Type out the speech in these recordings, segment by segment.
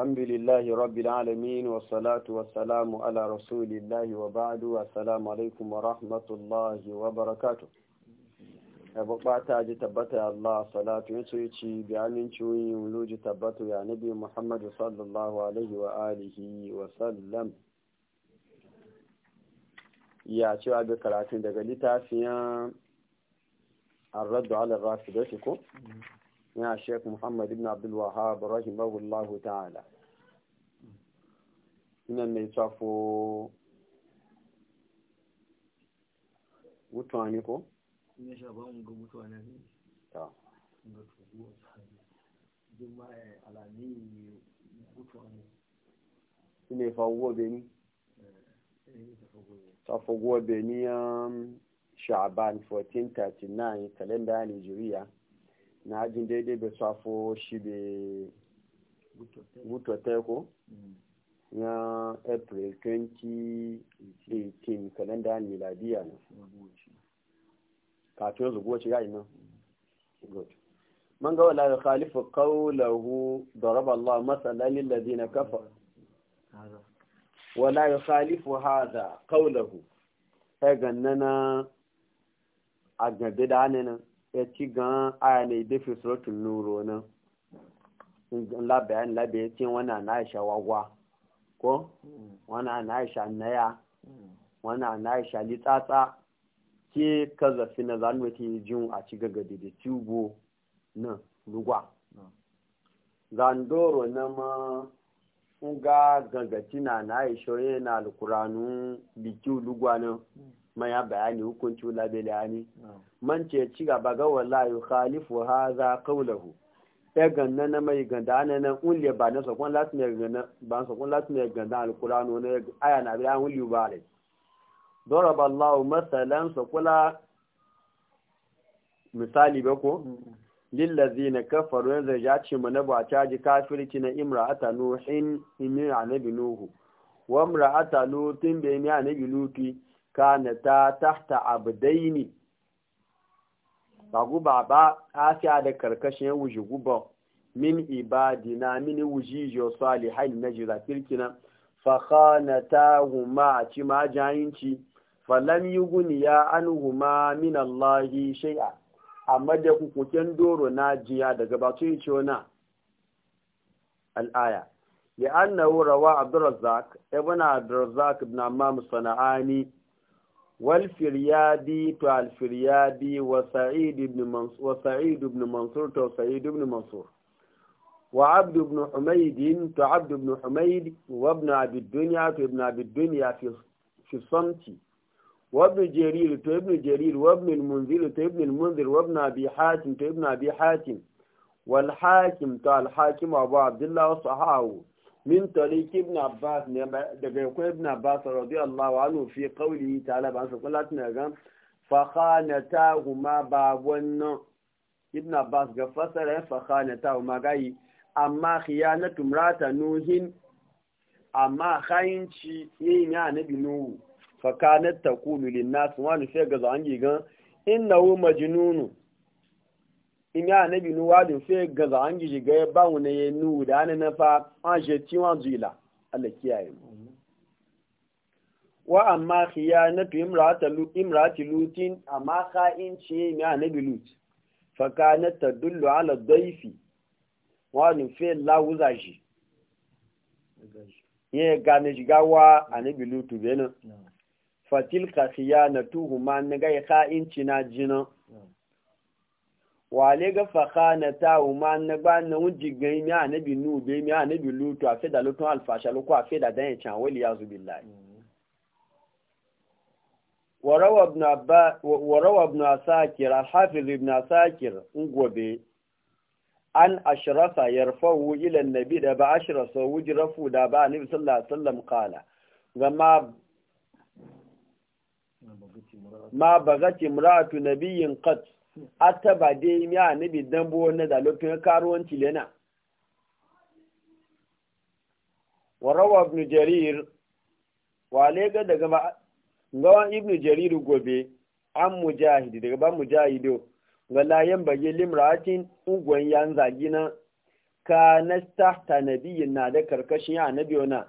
الحمد لله رب العالمين والصلاة والسلام على رسول الله وبعد السلام عليكم ورحمة الله وبركاته abu bata ji tabbata Allah salatu ya ce ci bi amincin wuluji tabbata ya nabi Muhammad sallallahu alaihi wa alihi wa sallam ya ce karatun daga littafiyan ar-radd ala ko na shekh Muhammad ibn Abdul Wahhab rahimahullahu ta'ala inan mai tsafo mutuwani ko? ina sha ba mu ga mutuwani ne? ta ga tuguwa tsari jin ma'a alami ne mutuwani ya faguwa na ajin daidai bai safo shi bai gutote ko mm. ya april 2018 kalenda miladiya na kafin zuwa shi ga ina good man ga wala khalifu qawluhu daraba Allah masalan lil ladina kafaru wala yukhalifu hadha qawluhu sai gannana a gabe da nan ya ci gan aya ne da fi suratul nuru nan la bayan cin wani na Aisha wagwa ko wani na Aisha naya wani na Aisha litsatsa ke kaza fina zanwati jin a ci gaga da tubo nan lugwa zandoro na ma ga gagatina na Aisha yana alkuranu biki lugwa nan maya bayani hukunci wula belani man ce ci gaba ga yi khalifu hadha qawluhu ya ganna na mai ganda na nan ulle ba na sakon latin ya ganda ba sakon lati mai ganda ne aya na bayan ulle ba ne daraba Allahu masalan sakula misali ba ko na kafaru yanzu ya ce mu na ba caji kafirci na imra'ata nuhin imra'ana binuhu wa imra'ata lutin bi nufi. ta tahta abdaini ba guba ba afiya da karkashin wuji guba min ibadina min wuji jo salihai na jira kirkina fa ta huma a ci ma jayinci falam yuguni ya anhuma min allahi shay'a amma da kukuken doro na jiya daga batu yi ce wana al'aya ya annahu rawa abdurrazzaq ibn abdurrazzaq ibn amma musana'ani والفريابي تو الفريابي وسعيد بن منصور وسعيد بن منصور تو سعيد بن منصور وعبد بن حميد تو عبد بن حميد وابن ابي الدنيا تو ابن ابي الدنيا في في الصمت وابن جرير تو ابن جرير وابن المنذر تو ابن المنذر وابن ابي حاتم تو ابن ابي حاتم والحاكم تو الحاكم ابو عبد الله وصحابه min tariq ibn abbas ne daga yakwai ibn abbas radiyallahu anhu fi qawlihi ta'ala ban san kullatu ne ga fa khanatahuma ba wannan ibn abbas ga fasara fa khanatahuma gai amma khiyanatu imrata nuhin amma khayinci yin ya nabi nuhu fa kanat takulu lin nas wa ni sai ga zangi ga innahu majnunu imi a nabi nu wadu fe gaza an giji ga ba mu ya nu da an na fa an je ti wan zuila Allah kiyaye mu wa amma khiyanatu imra'atu lut imra'ati lutin amma kha'in ce imi a nabi lut fa kanat tadullu ala dhaifi wa ni fe lawuza shi ye gane shiga wa a nabi lutu benin fatilka khiyanatuhuma na ga kha'in ci na jinan wale ga faka na ta umar na ba na wujji gani mi anabi nube mi anabi lutu a fi da lutun alfashe lukwa a fi da dan yacan wali ya zubi lai warawa ibn asakir alhafiz ibn asakir ngobe an ashrafa yarfahu ila nabi da ba ashrafa wujrafu da ba nabi sallallahu alaihi wasallam kala gama ma bagati muratu nabiyin qat ata ba dai mi a nabi dambo wannan da lokacin karuwanci lena wa rawa ibn jarir wa lega daga ba ibn jarir gobe an mujahid daga ba mujahido ga layan bage limratin ugwan yan zagi na ka na ta nabiyin na da karkashin ya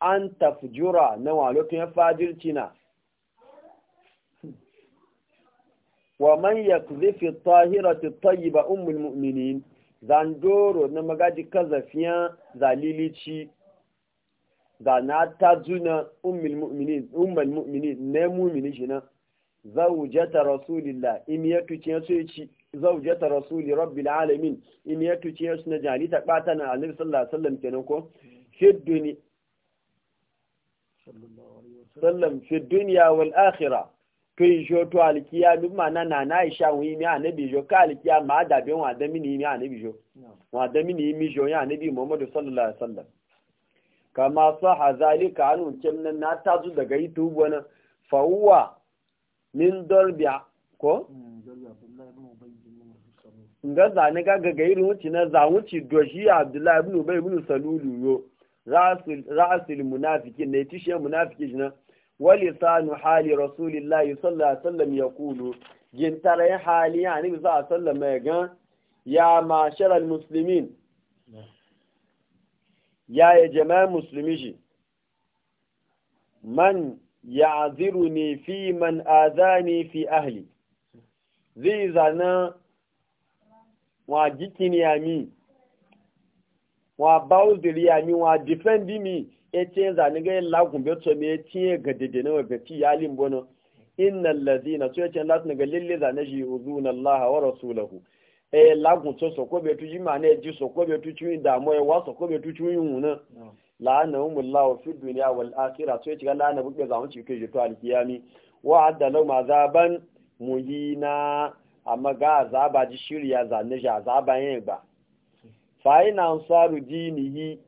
an tafjura na wa lokacin fajirci wa man yakzifi tahiratu tayyiba ummul mu'minin zandoro na magaji kazafiyan zalilici da na ta zuna ummul mu'minin ummul mu'minin ne mu'mini zawjata rasulillah in ya tuce zawjata rasuli rabbil alamin in ya tuce suna jali ta bata na annabi sallallahu alaihi wasallam kenan ko fi duni wal akhirah kai jo to alkiya duk mana na na isha wi mi anabi jo ka alkiya ma da be wa da mini mi anabi jo wa da mini mi jo ya anabi muhammadu sallallahu alaihi wasallam kama sahha zalika anu kimna na tazu daga itu wannan fa huwa min dalbiya ko nga zane ga ga gairi wuce na zawuci doshi abdullahi ibn ubay ibn salulu yo rasul rasul munafikin ne tishe munafikin na walisanu hali rasulillahi sallallahu alaihi wasallam yaqulu gintare hali yani bi sallallahu alaihi wasallam ya ma'sharal muslimin ya ya jama'a muslimiji man ya aziru ya'ziruni fi man azani fi ahli zana wa jikini ya mi wa boundary ya mi wa defend mi yace zani ga lagun be to me tiye ga dede na ga ti yalin bono innal ladina to yace e latin ga lille na shi uzuna Allah wa rasulahu e lagun to so ko be tu ji mane ji so ko be tu ci da mo e wa so ko be tu ci yun na la'anahumullahu fid dunya wal akhirah e to yace ga la'ana bugbe zamu ci kai to alkiyami wa adda lahum azaban muhina amma ga azaba ji shirya zani ja azaba yin ba fa'ina ansaru dinihi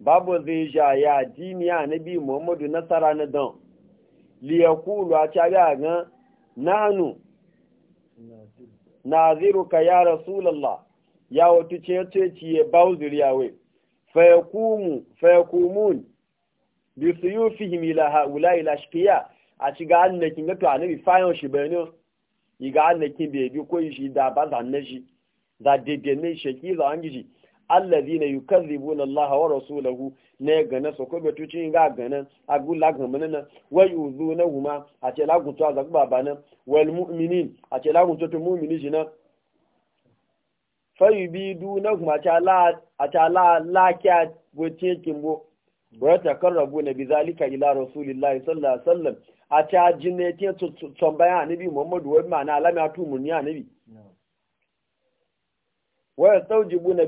babu zai sha ya diniya na bi muhammadu nasara na don liyakulu a cari a gan nanu naziruka ya rasulallah ya wata ce ce ciye bauzir yawai fayakumun bi su yi fihim ila haula ila shikiya a shiga ga annakin gato a nabi fayon shi bayanin yi ga annakin bai bi ko yi shi da ba na shi da daidai shakila an giji allazina yukazzibuna Allah wa rasulahu ne gana so ko betu cin ga gana agulla gamana na wayuzuna huma a ce la gunto azaku babana wal mu'minin a ce la gunto to mu'mini jina na huma ta la ta la la kya gotin kimbo barata karrabu na bi zalika ila rasulillahi sallallahu alaihi wasallam a ta jinne tin tsombaya tambaya bi Muhammadu wa ma na alama tu mun ya nabi wa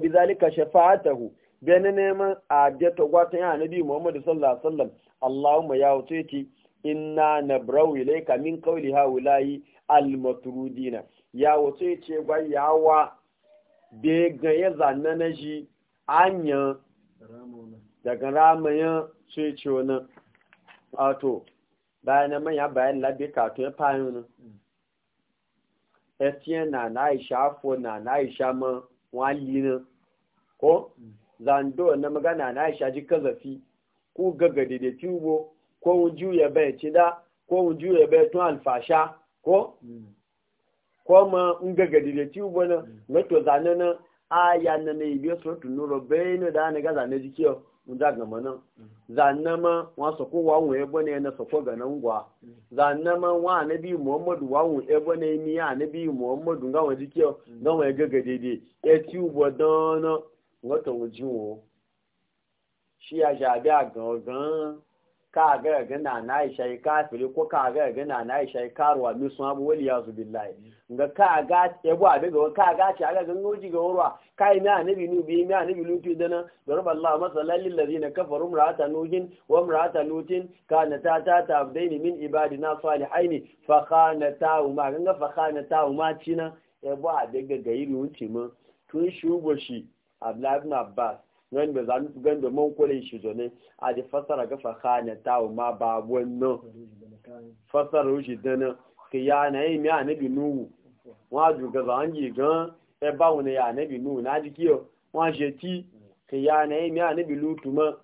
bi zalika shafa'atahu bene neman a jata gwatan ya nabi muhammadu sallallahu alaihi wasallam allahumma ya wuce inna nabrau ilayka min qawli haula'i almatrudina ya wuce ce gwa yawa be ga ya zanna na anya daga ramayan sai ce wani ato bayan man ya bayan labe ka to ya fayin etiyan na na aisha afo na na aisha ma wali na ko zando na magana na aisha ji kazafi ko gagade da tubo ko wuju ya bai cida ko wuju ya bai tun alfasha ko ko ma in gagade da tubo na mato mm. zane na aya na na ibe suratu nuro bai ne da na gaza na jikiyo nja gama nan mm. zannama wa sako wa wun ebo ne na sako ga nan gwa mm. zannama wa nabi muhammadu wa wun ebo ne mi ya anabi muhammadu ga wani ke mm. ga wani gaga dede e ti ubo don na wato wujin wo shi ya jabi a gangan ka ga gana na yi shayi kafiri ko ka ga gana na yi shayi karuwa mi sun abu wali yazu billahi nga ka ga yabo abi ga ka ga ci aga gango ji ga warwa kai na nabi nu bi na nabi lutu dana darba Allah masalan lil ladina kafaru imra'ata nuhin wa imra'ata lutin kana ta ta tabdain min ibadina salihain fa khanata ma ganga fa khanata ma cina yabo abi ga gairi wuce mun tun shugo shi Abdullah ibn Abbas gani ba zanu su gani domin kwalin shi zo ne a da fasara ga fakana ta ma ba wannan fasara shi dana ka ya na yi mai anabi nuhu wa juga za an yi gan e ya ba wani ya anabi nuhu na ji kiyo wa shi ti ka ya na yi mai anabi lutu ma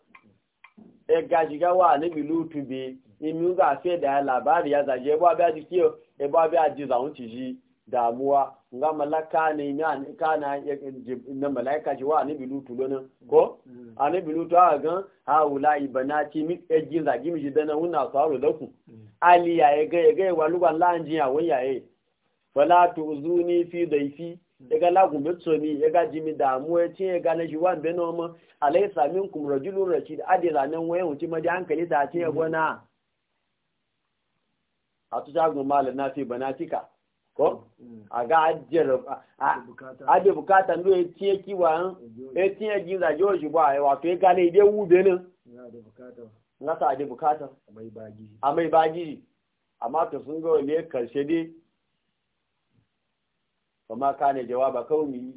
ya e gaji ga wa anabi lutu be imi e ga fe da labari ya zaje ya ba biya ji kiyo ya ba biya ji za wuce shi damuwa nga malaka ne ya ne na malaika ji wa ne bilutu lona mm. ko mm. ane bilutu a gan ha wula ibanati mi ejin zagi mi dana wuna saro laku mm. ali ya ega ega e wa luwa lanji ya waya e fi daifi ega lagun betso ya ega jimi damu e ya e ega e na ji wa be no mo rajulun rashid nan ma hankali ta gona na fi banatika ko mm. a ga ajiye bukata ndo etinye kiwa eh? etinye giza George ba ya eh, wato ya gane ide wube nan nasa ajiye bukata a mai bagiji amma ta sun ga wale karshe dai kuma ka ne jawaba kauni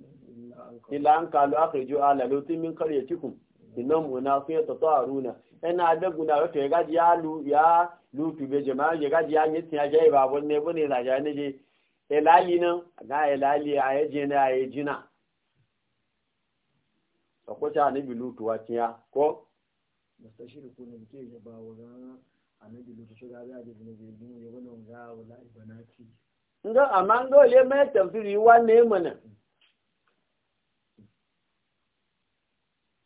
ila an kalu aka yi jo'a lalotin min karya cikin mm. inan muna sun yata tsawaruna yana adaguna wata ya gaji ya lutu bai jama'a ya gaji ya yi tiya jai babon ne bane na jani je ilali nan ga elali a jina a ya jina kusa a nabi lutu wa tiya ko mustashiri ko ne ke ya ba wa a nabi lutu shi ga za a je ne ga gina ya wani ga wala ci ndo amma ndo le mai tafiri wa ne mana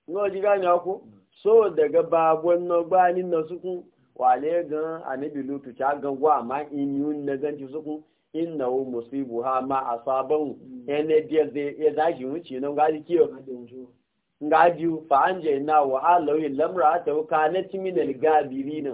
ndo ji gani ko so daga babon no gbani na sukun wale gan a nabi lutu ta gangwa amma in yi na ganci sukun innahu musibuha ma asabahu hmm. ene dia ze ya daji wuce nan ga kiyo ga biyu fa anje na wa alawi lamra ta ka ne na timinal gabirin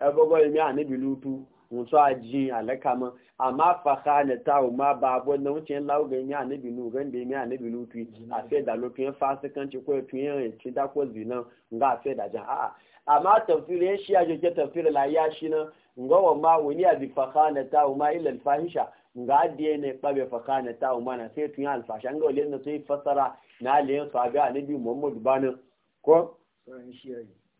e gogo mi anabi lutu mun so aji alaka ma amma fa khana ta ma babo na wuce lawo ga mi anabi nu ga mi anabi lutu hmm. a fe da lokin fasikan ci ko tuyen ci da ko zinan ga fe da jan a a amma tafsirin shi ya je tafsirin la ya shi na nga ma wani abi bi fakana ta ma illa alfahisha nga adiye ne babe fakana ta ma na sai tun ya alfasha le wale na sai fasara na aliyan sahabi annabi muhammadu banin ko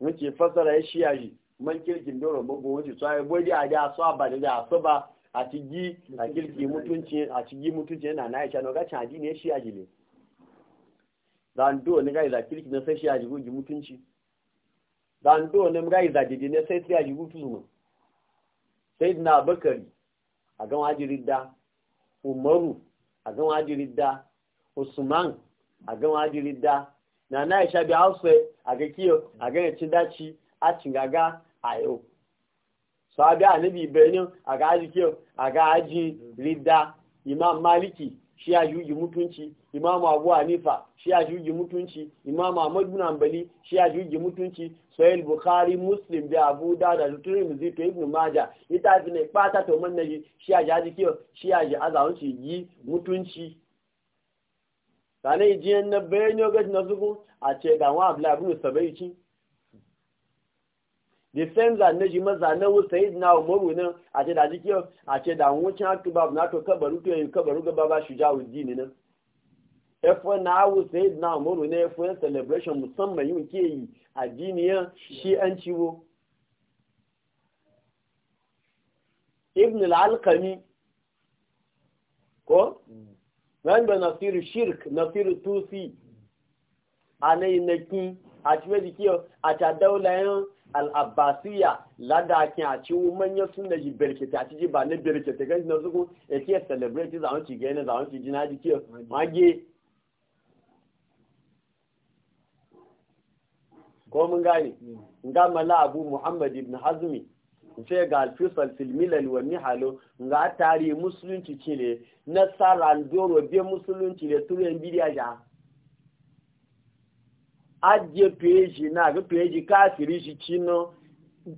wuce fasara ya shiya shi man kirkin doro mago wuce tsaye bodi a da so ba da da su ba a cigi a kirki mutunci a cigi mutunci yana na aisha noga can adini ya shiya shi ne do ne ga da kirki na sai shiya shi gugi mutunci do ne ga didi ne sai shiya shi gutu zuma sayyidina bakari a gan wajiri umaru a gan wajiri usman a gan na na ya shabi hausa a ga kiyo a gan yacin daci a cingaga a yau sabi a nabi benin a ga aji kiyo a ga aji rida imam maliki shi ya juji mutunci imamu abu hanifa shi ya juji mutunci imamu ahmad bin hanbali shi ya juji mutunci sahih bukhari muslim da abu da da tirmidhi to ibnu maja ita fi ne pata to man naji shi ya jaji kiyo shi ya ji azawun shi yi mutunci sanai jiyan na bayan gaji na zuku a ce ga wa abla ibn ci? da san zane shi maza na wuta sai na umaru ne a ce da jiki a ce da wucin haka babu na to kabaru to yi kabaru ga baba shi ja wuji ne nan efo na awu sai na umaru ne efo yin celebration musamman yin ke yi a jiniyan shi an ciwo ibn al alqami ko mm. wanda nasiru shirk nasiru tusi a na yi na kin a cikin a ta daula yin al'abbasiya ladakin a cikin manyan suna yi berkete a ji ba na berkete kan na zuku a ke celebrate zaun ci gani zaun ci jina ji ke mage ko mun gane ga mala abu muhammad ibn hazmi sai ga alfisal filmilal wa mihalo ga tare musulunci ce ne na sarandoro be musulunci ne turen bidiya ja ajiye peji na ga peji kafiri shi cino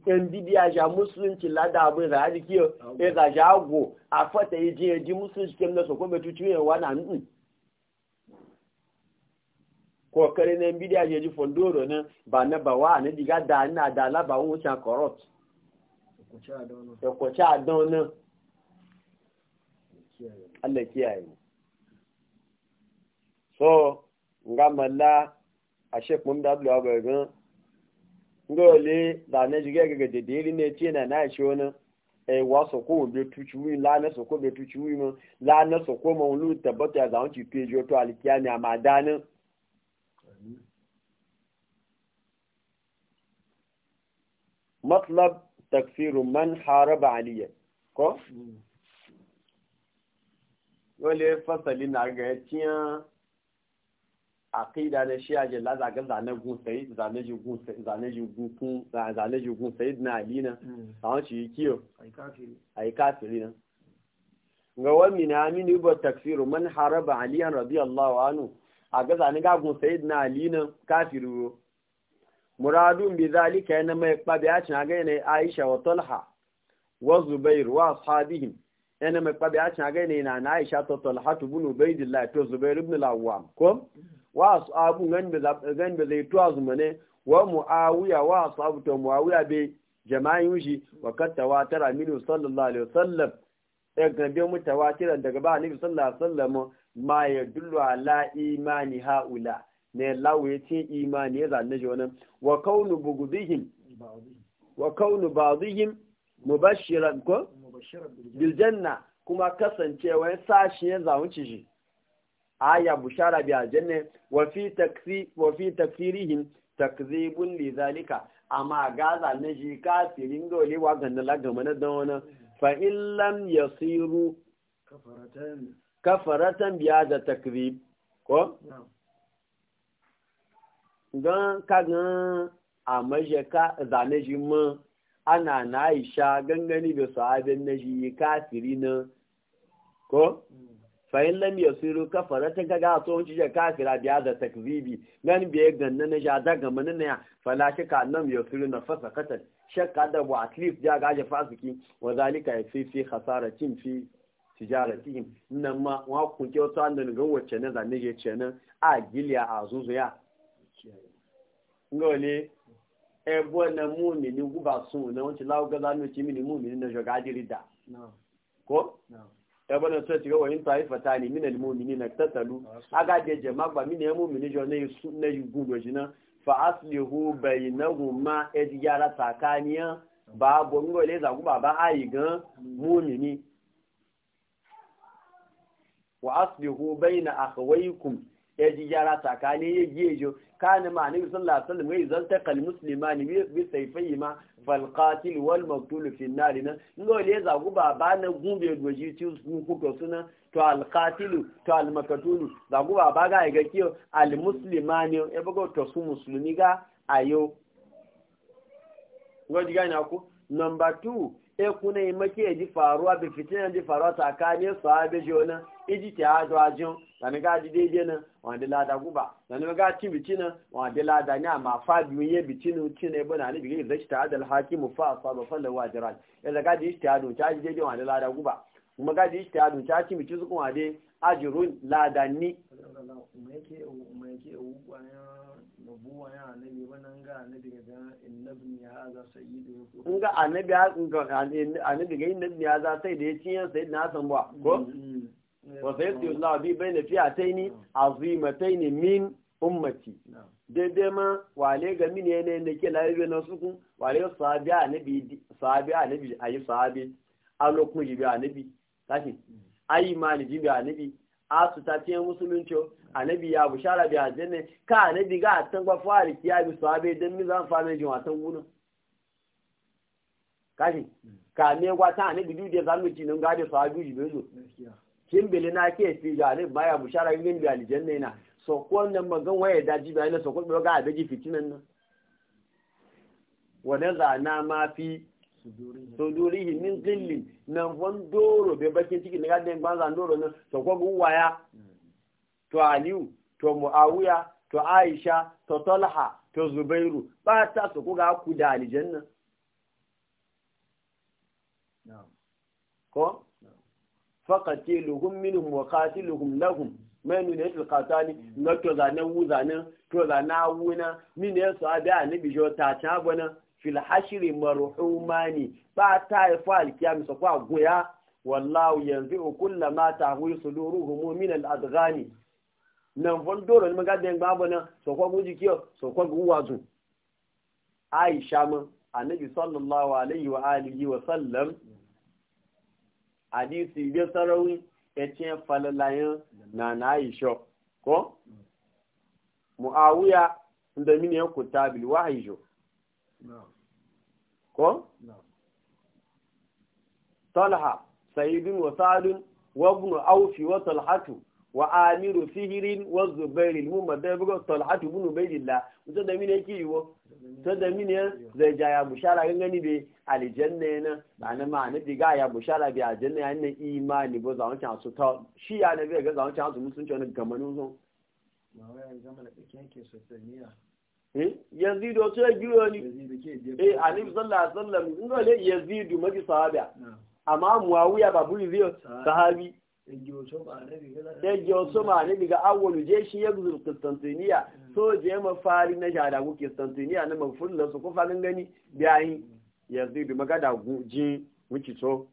yan bidiya ja musulunci lada abu da haji kiyo ya ga jago a fata yi jiya ji musulunci kem na sokon betu ciwo wa na ndu kokari na yan bidiya ja ji fondoro na ba na ba wa na diga da na da laba wucin corrupt ya kwace a don nan Allah kiyaye so nga malla a shek mun da abuwa ga gan le da na jige ga da deri ne ce na na shi wani e wa so ko be tuci wi la na so ko be tuci wi mun la na so ko mun lu tabbata za mu ci pejo to alkiyami amadanin matlab takfiru man haraba aliya ko wale hmm. fasali na ga tiyan aqida na shia je la zagan zane gun sai zane ji gun sai zane ji gun ku zane ji gun sai na alina mm. awon shi kiyo ai kafiri na ga wa min amini ba takfiru man haraba aliyan radiyallahu anhu a ga zane ga gun sai na alina kafiru muradun bi zalika yana mai kwabi a cin ne aisha wa talha wa zubair wa ashabihim yana mai kwabi a cin ne na aisha to talha ibn ubaydillah to zubair ibn al ko mm. wa su abu gan da zai tuwa su wa muawiya wa su abu ta muawiya bai jama'i shi wa wa tara minu sallallahu alaihi wasallam ya e gabe mutawatiran daga ba annabi sallallahu alaihi wasallam ma ya dullu ala imani haula ne lawo ya ce imani ya zanne shi wani. wa kaunu bugudihim wa kaunu ba'dihim mubashiran ko bil janna kuma kasancewa sashi ya zawunci shi aya bushara bi aljanna wa fi taksi wa fi takfirihim takzibun li zalika amma gaza na ji kafirin dole wa ganna la gama na dan wani fa illam yasiru kafaratan kafaratan bi hada takzib ko gan ka a maje ka zane ji mu ana na aisha gangani da sahabin na ka kafiri na ko mm. fa'in lam yasiru kafara ta gaga to wanci je kafira biya da takzibi nan biye ganna na ja da ga manin ya fala shaka lam yasiru na fasa katal shakka da wa atlif ja ga ja fasiki wa zalika yafi fi khasaratin fi tijaratihim nan ma wa ku ke an ga wacce ne zanne je ce nan a giliya a zuzuya ngole e bona mu'mini guba sun na wanci lawo ga zanu ci mini mu'mini na jogadiri da ko no ẹgbọ́n náà tẹ́sí wọ́n yín tó ayé fata ni mí nàlí mọ́mìnì náà tẹ́tàlú agájẹ jẹ̀má gbà mí nàá mọ́mìnì jọ náà yìí gùn lọ́jì náà fa asilihu bẹ̀yìn náà wò má ẹdí yára tàkà níyà bá a bọ̀ ńgọ̀ ilé ìzàkú bàbá ayé gan mọ́mìnì wà asilihu bẹ̀yìn náà àkàwé ya ji gyara tsakanin ya giye jo kana ma annabi sallallahu alaihi wasallam yayi zan taqal muslimani bi sayfayhi ma fal qatil wal maqtul fi nar nan ngole ya zagu baba na gumbe doji ci su ku to suna to al qatil to al maqtul zagu baba ga ga kiyo al muslimani e bago to su muslimi ga ayo ngoji ga na ku number 2 e kuna yi make ji faruwa bi fitina ji faruwa tsakanin sahabe jona iji e ta hado ajon sani ga ji daidai nan wanda lada guba sani ga ci bici nan wanda lada ne amma fa biyu ye bici nan ci ne bana bi bigin zai ta adal hakimu fa ba fala wa jiran ya ga ji ta do ta ji daidai wanda lada guba kuma ga ji ta do ta ci bici su kuma dai ajrun lada ni in ga annabi ya annabi ga annabi ya za sai da ya ci yan sai na san ba ko mm-hmm. wa Allah bi bayna fi'ataini azimataini min ummati daidai ma wale ga mini ne ne ke laibe na suku wale sahabi anabi a anabi ayi sahabi a lokun jibi anabi tashi ayi mani jibi anabi a su ta tiyan musulunci nabi ya bushara bi aljanna ka a nabi ga tan gwa a rikiya bi sahabi don mi zan fara jin watan gunu kashi hmm. ka ne gwata a nabi duk da zamu nan ga da sahabi jibi zo kimbele na ke fi ga ne baya bushara yin ga aljanna ina so ko nan magan waye daji bayan na so ko ga da ji fitinan nan wa nazana ma fi sudurihi min zilli nan von doro be bakin ciki daga den banza doro nan so ko waya to aliu to muawiya to aisha to talha to zubairu ba ta so ko ga ku da aljanna ko faqatiluhum minhum wa qatiluhum lahum mẹ́nu ní ètò kàtà ni lọ́tọ̀ zànà wú zànà tó zànà wú na mí abi a abẹ́ jo ta àti àbọ̀ fil hashri maruhumani bá a ta ẹ̀fọ́ so fa goya. wallahu yanzu okulla ma ta hui suduruhum min al-adghani nan von doro ni maga den gbabo na sọ̀kọ́ guji kiyo sọ̀kọ́ guwazu aisha ma annabi sallallahu alaihi wa alihi wa sallam hadisi bi sarawi yace falalayan na na isho ko muawiya inda mini ya kuta bil wahijo ko talha wa sa'dun wa awfi wa talhatu wa amiru sihirin wa zubairin mu madai bugo to da mini zai ja ya bushara gangani be aljanna yana ba na ma na diga ya bushara bi aljanna yana ne imani bo zawon can su ta shi ya ne ga zawon can su musun can gamanu so yazidu to ya giyo ni eh annabi sallallahu alaihi wasallam ngole yazidu maji sahaba amma muawiya babu riyo sahabi ya giyo so ma ne diga awwalu jeshi ya guzul qistantiniya eh. je ma mafari na jadagu kistantiniya na mafulla su kufa gangani biyayi yanzu bi magada guji wuce so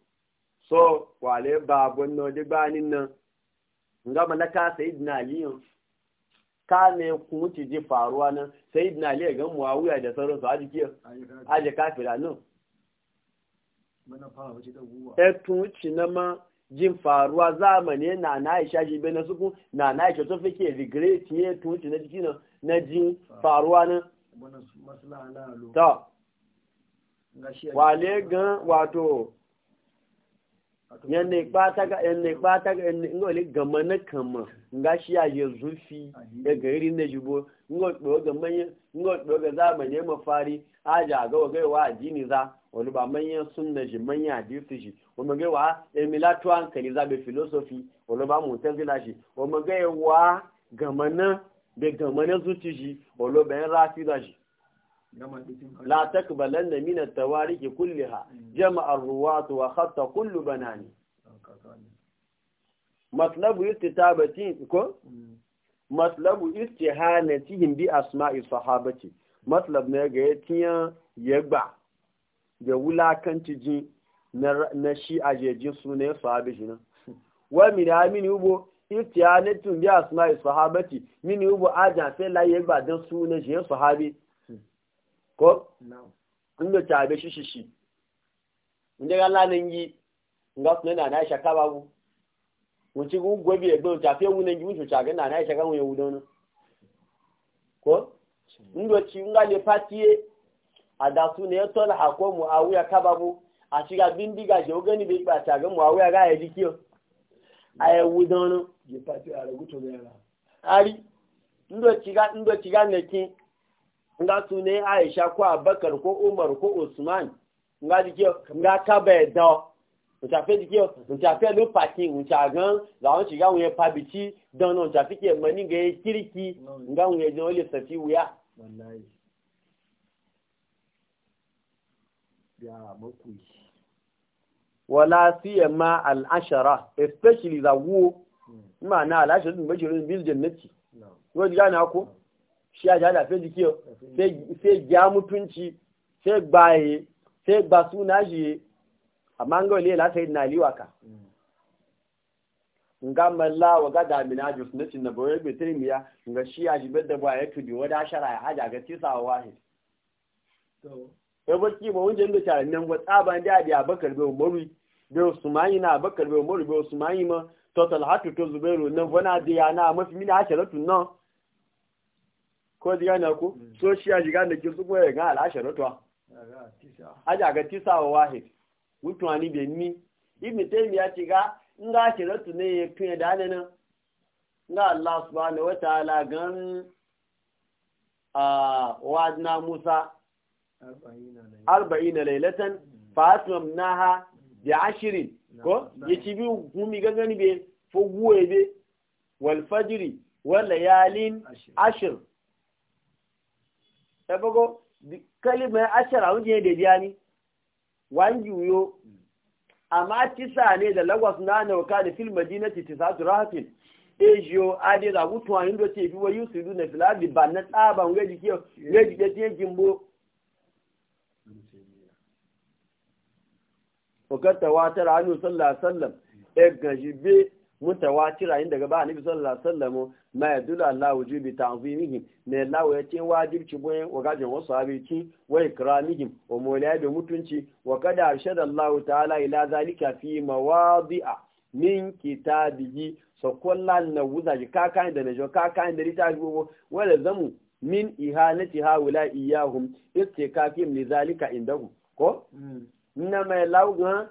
so wale ba gwanno di banin nan nga malaka sayyidina ali ka ne ku wuce je faruwa nan sayyidina ali ga muawiya da sauran su aji kiyo aje kafira nan mana fara wuce da guwa etun wuce na ma jin faruwa zamani na na aisha shi bai na suku na na aisha to fake regret ne tunci na jiki na jin faruwa na ta wale gan wato yana ne kpata ga yan ne kpata ga yan ne gama na kama nga shi ya je zufi ya iri na jibo ngo do ga manya ngo do ga zamani mafari aja ga ga wa jini za wani ba manyan sunna shi manyan hadisi shi wani gai wa emilatu hankali zabe filosofi wani ba mutazila shi wani gai wa gamanin da gamanin zuci shi wani rafi za shi la takbalan da minar kulle ha jama'ar su wa hatta kullu banani matlabu istitabatin ko matlabu istihanatihim bi asma'i sahabati matlab ne ga ya yagba da wulakanci ji na shi a jejin sahabi shi nan wa min ya min ubo iftiyanatun bi asma'i sahabati min ubo aja sai la yi ba dan sunan shi sahabi ko inda tabe shi shi inda ga lanin yi na na shaka babu wuci ga na na shaka wudonu ko nga adatu ne ya tola hako muawiya kababu a shiga bindiga je gani bai ba ta ga muawiya ga ya dikiyo a ya wudano je fati a rubuto da yara ari ndo ciga ndo ciga ne nga tune Aisha ko Abubakar ko Umar ko Usman nga dikiyo nga kabe da ntafe dikiyo ntafe lu pati ntagan la on ciga unye pabiti dono ntafe ke mani ga kiriki nga unye jole safi wuya wallahi wala siyama al'ashara especially za wo ma na al'ashara din bashirin bil jannati ko ji gane ko shi ya jada fe dikiyo sai gya mutunci sai baye sai ba suna shi amma ga wale la sai na ka. Mm. nga malla wa ga da mina na sunnati na bawe be tirmiya nga shi a jibe da ba ya tudi wada shara ya haja ga tisawa wahid ya baki ba wajen da tare nan wa tsaban a da bakar bai umaru bai usmani na bakar bai umaru bai usmani ma to talhatu to zubairu nan wana na mafi mina asharatu nan ko diga na ko mm. so shi ya jiga da kirsu ko ya ga aja ga tisa wahid mutuani ni ya Allah a ah, Musa arba'ina lailatan fasmamnaha bi ashirin ko yace bi gumi gangani be fo guwe be wal fajri wal layalin ashir sabago kalima a wuje da biyani wangi uyo hmm. amma tisa ne da lagos na ka da fil madinati tisatu rahatin ejo ade da gutuwa indo ce biwa yusudu na filabi ba na tsaban gaji ke gaji ke jimbo wakar tawatar hannu sallallahu sallam ya gaji be mutawatir a daga ba annabi sallallahu sallam eh, ma ya dula Allah wujubi ta'zimihim ne lawo ya ce wajibci boye wa gajin wasu abiki wa ikramihim wa mawliya da mutunci wa kada arshada Allah ta'ala ila zalika fi mawadi'a min kitabihi sakwallan na wuzaji kakan da najo kakan da rita gogo wala zamu min ihanati haula iyahum istikafim li zalika indahum ko mm. na mai laugan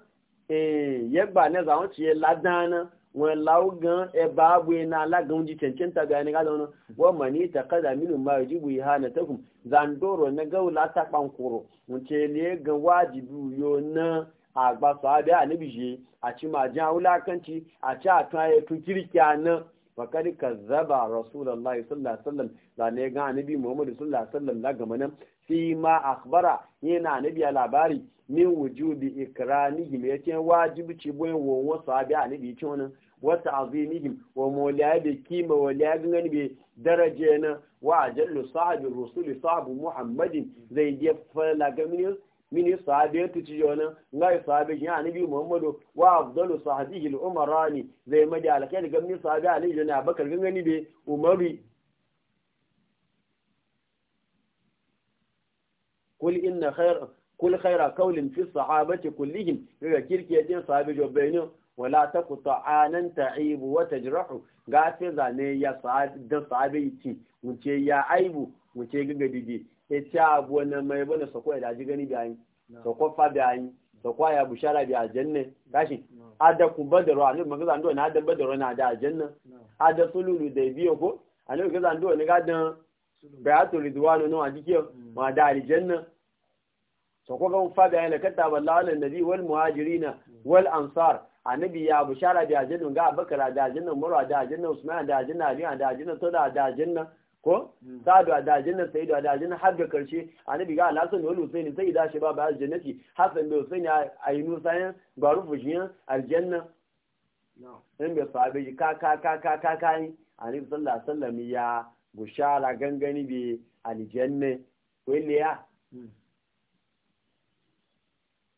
eh, yagba na zawon ciye ladana wani laugan eba abuwa na alagan ji cancanta ga ni gada wani wani mani ta kada minu ma yi jibu ha na takum zandoro na gaula ta kpankuro wace ne ga wajibi yo na agba sahabi a nabi je a ci ma jan wulakanci a ci a tun ya tun kirki a nan fakari ka zaba rasulallah sallallahu alaihi wasallam da ne ga annabi muhammadu sallallahu alaihi wasallam la gama nan fi ma akhbara yana annabi labari min wujubi ikranihim yace wajibi ci boyen won sabi a anabi ce wannan wata azimihim wa mawliya bi kima wa la gani bi daraje na wa ajallu sahabi rusul sahabu muhammadin zai je fala ga min min sahabi ta ci yona ngai sahabi ya anabi muhammadu wa afdalu sahabihi al umarani zai maji alkai ga min sahabi ali na abakar gani bi umari قل inna خير kul khaira qawlin fi sahabati kullihim daga kirki yajin sahabi jobbenin wala taqta anan ta'ibu wa tajrahu ce zane ya sahabi da sahabi ci wuce ya aibu wuce ga didi ya e ci abu na mai bana sako ya daji gani da yi sako fa da yi sako ya bushara da aljanna kashi ada ku badaru a nan magaza do na ada badaru na da aljanna ada sululu da biyo ko a nan magaza do ne gadan bayatul ridwanu no a dikiyo mm. ma da aljanna sakwakon fada yana kata wa la'alar nabi wal muhajirina wal ansar annabi ya bushara da ajinin ga bakara da ajinin mura da ajinin usman da ajinin aliyu da ajinin tola da ajinin ko hmm. sadu da ajinin sayidu da ajinin har da karshe annabi ga alhassan da wani husaini sai da shi ba ba jannati hassan da husaini a yi nusayen gwaru fushiyan aljanna in bai sahabe ka ka ka ka ka ka yi annabi sallallahu alaihi wasallam ya bushara gangani bi aljanna ko ya hmm.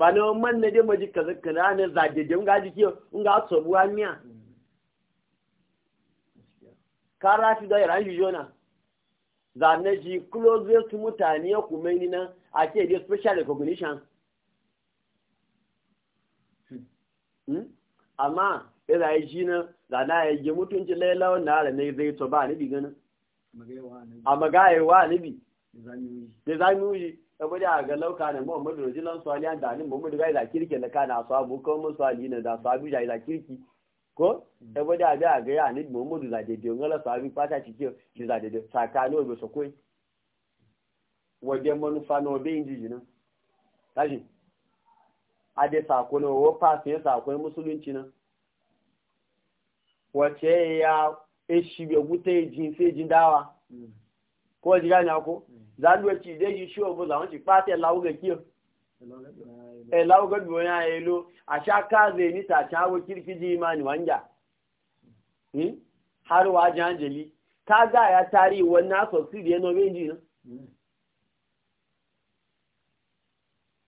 ba na man na dai maji kaza kaza na zajeje nga ga so buwa miya kara fi da yaran ji jona za na ji close to mutane ya kuma ni nan a ce dai special recognition hmm? amma ira e e e yi ji nan za na yi ji mutunci lailawa na ra ne zai to ba ni bi ganin a magayewa ni bi da zami wuji saboda a ga lauka na muhammadu rajulan salihan da hannun muhammadu ga ila kirki na kana su abu kan musu alina da su abu da kirki ko saboda a ga a ga ya hannun muhammadu za da biyu ngala su fata cike shi za da biyu tsakani obe koi wajen manufa na obe inji jinin kashi a da sako na owo fasin sakon musulunci na wace ya eshi bai wuta e jin sai jin dawa mm. ko ji gane ko mm. za duwa ci dai yi shi obo za won ci pate lawo ga kiyo e lawo ga duwa ya lo a sha ka ze ni ta ta wo kirkiji imani wanja hmm har wa jeli ka ga ya tari wannan de no ji na? Mm.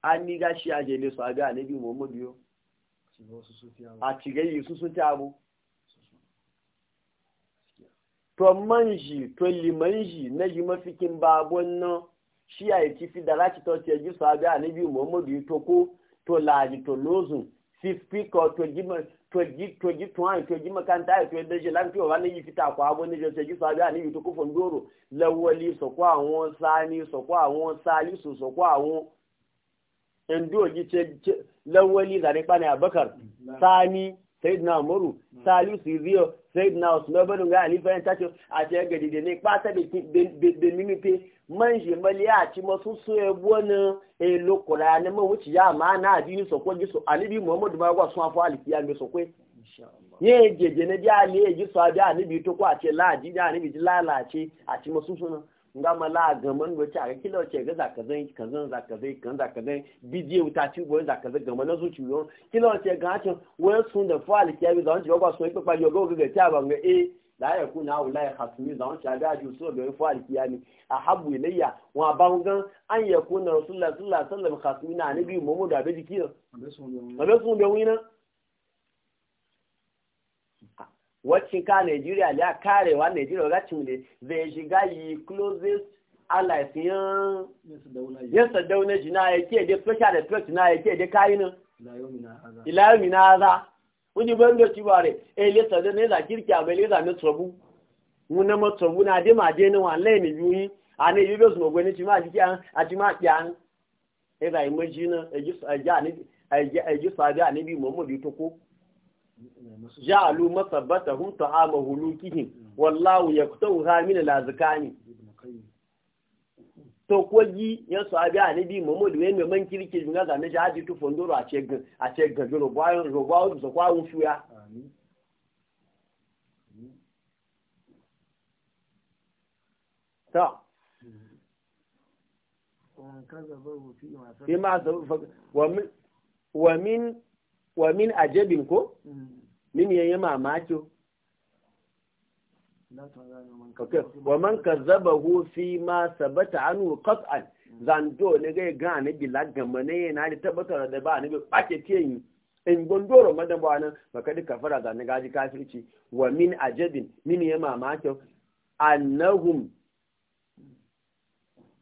an ni gashi a aga su bi mo mo bi yo a yi su su ta abu to manji to limanji na ji mafikin babon nan shi a yi fi da laki to ce ji sabi a nabi muhammadu to ko to laji to lozun si spika to ji to ji to ji to an to ji makanta to da je lan to wani yi fita ko abun ne je ji sabi a nabi to ko fondoro lawali so ko àwọn sani so ko àwọn sali so so ko àwọn endo ji ce lawali da ne bane abakar mm. sani sayyidina umaru mm. salisu ziyo na usman bin ga ali bayan tace a ce gadi da ne kwata da minute man je a ci masu so e bona e lokura ne mu wuci ya ma na adini so ko giso alibi muhammadu ma gwa sun afa alkiya me ye jeje ne ali abi to a ce la lalace a ci masu nga mala gaman wace a kila wace ga zakazai kazan zakazai kan zakazai bidiyo ta ci boye zakazai gaman na zuci yo kila wace ga ta wani sun da fa alkiya bi zan ci ba so ipa yo go ga ta ba ga e eh, da ya kuna wala ya hasmi zan ta ga ju so ga fa ani a habu ilayya wa ban gan an na rasulullah sallallahu alaihi wasallam hasmi na mu mu da bi kiyo abe sun be wina wacin ka Najeriya ya kare wa nigeria ga cimle zai shiga yi closest allies yan yasa dauna jina ya ke da special effect na ya ke da kayi nan ilayomi na haza wani ban da ci bare eh yasa da ne za kirki abai ne za ne tsobu mun na matsobu na de ma de ne wallahi ne yuyi ani ne yi su magwani ci ma jiki an a ma kiyan eh za yi majina a ji a ji a ji sabi a ne bi mu mu bi to ko ja'alu masabbatahum ta'ama hulukihim wallahu yaqtauha min al to koji ya so abi anabi mamudu we me man kirki jinga ga na jaji tu fondoro a chegan a chegan joro bayo ro bawo so kwa un shuya ta wa min wa min ajabin ko hmm. min yayi mamaki wa man kazzabahu fi ma sabata anhu qat'an hmm. zando ne ga gane ne bila gama ne yana da tabbatar da ba ne ba bace tiyin in gondoro madan ba nan baka duka fara da ne gaji kafirci wa min ajabin min yayi mamaki annahum hmm.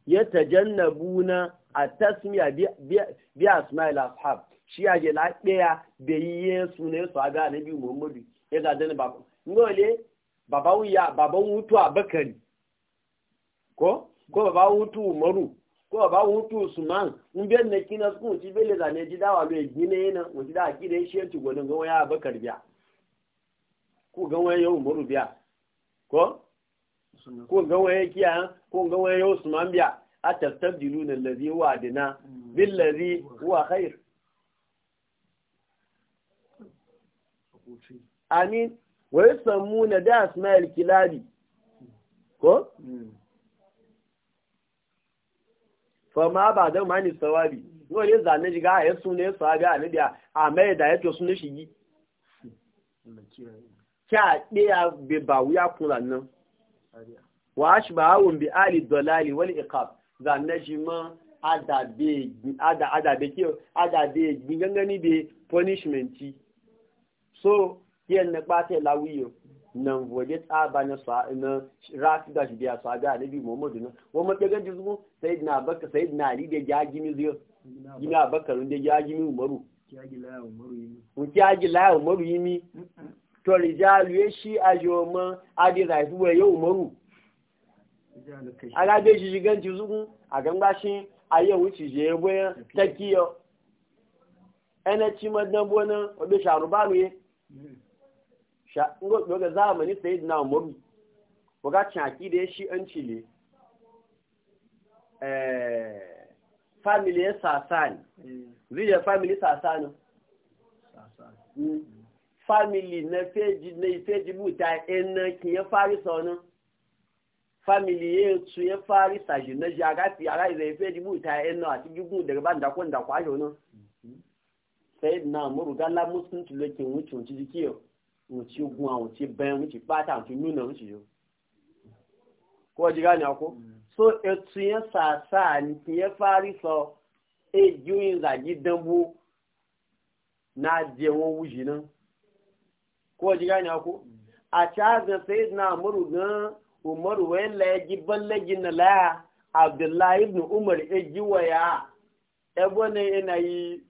yatajannabuna at-tasmiya bi asma'il ashab shi a je lafiya da yi yesu ne su aga biyu muhammadu ya zaɗa ni babu ngole baban ya baban hutu a bakari ko ko baban hutu umaru ko baban hutu usman in biyar na kina su kun ci bele da ne jida wa mai gina yana wa jida a kida shi yanci gwanin gawa ya bakar biya ko gawa ya umaru biya ko ko gawa ya kiya ko gawa ya usman biya a tattabdilu na mm. lazi wa adina bin lazi wa khair amin wa yusammu na da asma'il kilabi ko hmm. fa ma ba da mani sawabi no ne zanne jiga ya sunne sawabi a nabiya a mai da yake sunne shigi kya ɗaya bai ba wuya kula nan wa shi ba ashbahun bi ali dalali wani iqab zane shi ma adabe adabe ke adabe gangani be punishmenti so yin na ɓata lawiyo nan voje tsaba na rafi da shi biya sabi a nabi muhammadu nan wani matsagar jizmo sai na baka sai na ali da ya gimi ziyo gimi a bakarun da ya umaru nke agi laya umaru yi mi to rijalu ya shi a joma adi raifu wa yi umaru aga bai shi shigan jizmo a gangashin a yau wuce shi ya bayan takiyo ẹnẹ tí mo dán bó náà ọdún ṣàrùbá mi daga zamani sai na umaru waga caki da shi an cile eh, family ya sasani hmm. zuriya family sasani hmm. family na feji na ifeji buta ina kiyan fari sonu family ya tu ya fari sashi na shi ara gafi a ra'izai ifeji buta ina a cikin gudu daga ban dakon dakwa shi wani sai na muru gala musulunci lokin wuce wuce jiki yau wuce guwa wuce bayan wuce bata wuce nuna wuce yau ko ji gani ako mm. so etu ya sasa ni ti ya fari so e juyin zagi dambu na je won wuji nan ko ji gani ako mm. a cagan sai na muru gan umaru wẹ́n laji ballaji na nàlẹ́ abdullahi ibn umar e jiwaya ebo ne yana yi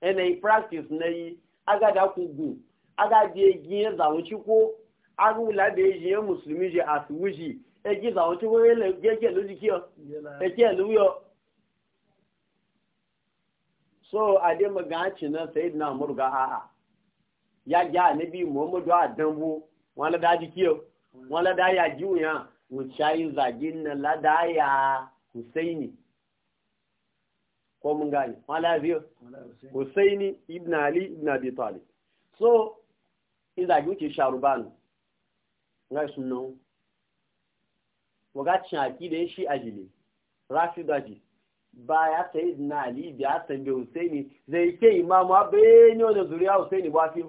yanayi practice na yi agada kugu agadi egi ya zawon chikwo agula da eji ya musulmi ji e a suwuji egi zawon chikwo ya gege lórí kí ọ eke e so ade na sayid na murga aha ya ja n'ebi muhammadu a dambo wọn lada ji kí wọn lada ya jiwu ya wucayi zagin na lada ya ko mun gani mala biyo husaini ibn ali ibn abi talib so iza ke sharuban ga sunno waga cinaki da shi ajile rafidaji ba ya sayi ibn ali da ta bi husaini zai ke imamu abin da zuriya husaini ba fi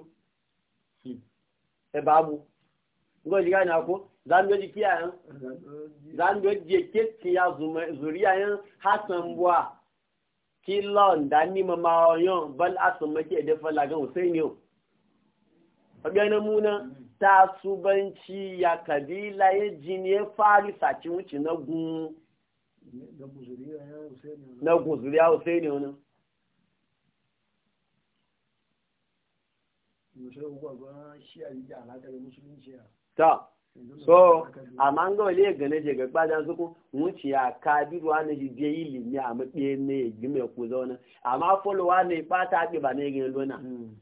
e babu ngo jiga na ko zan do jikiya yan zan do k'i ya zuriya yan hasan bua kí lọ́n dá ní mọ́má ọyán bọ́lá asọ̀mọ́kí ẹ̀dẹ́ fọ́lágán òsèyàn yóò ọgbẹ́ni múná ta ya kabila ya jini ya fari saci wuce na gun na gun náà so amma ga wale gane je ga gbadan zuku wuce ya ka biruwa na yi limi a maɓe ne ya gime ku zaune amma folowa ne ɓata haɗe ba na yin lona mm.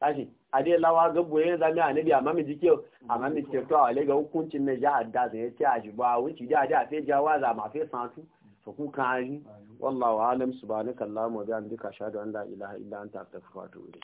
tashi a dai lawa ga boye zami a nabi amma mi jike amma mi ce to wale ga hukuncin na ja a adda zai ce a jiba wuce da da fe wa zama a fe santu fa ku kan yi wallahu alam subhanakallahumma wa bihamdika ashhadu an la ilaha illa anta astaghfiruka wa atubu ilayk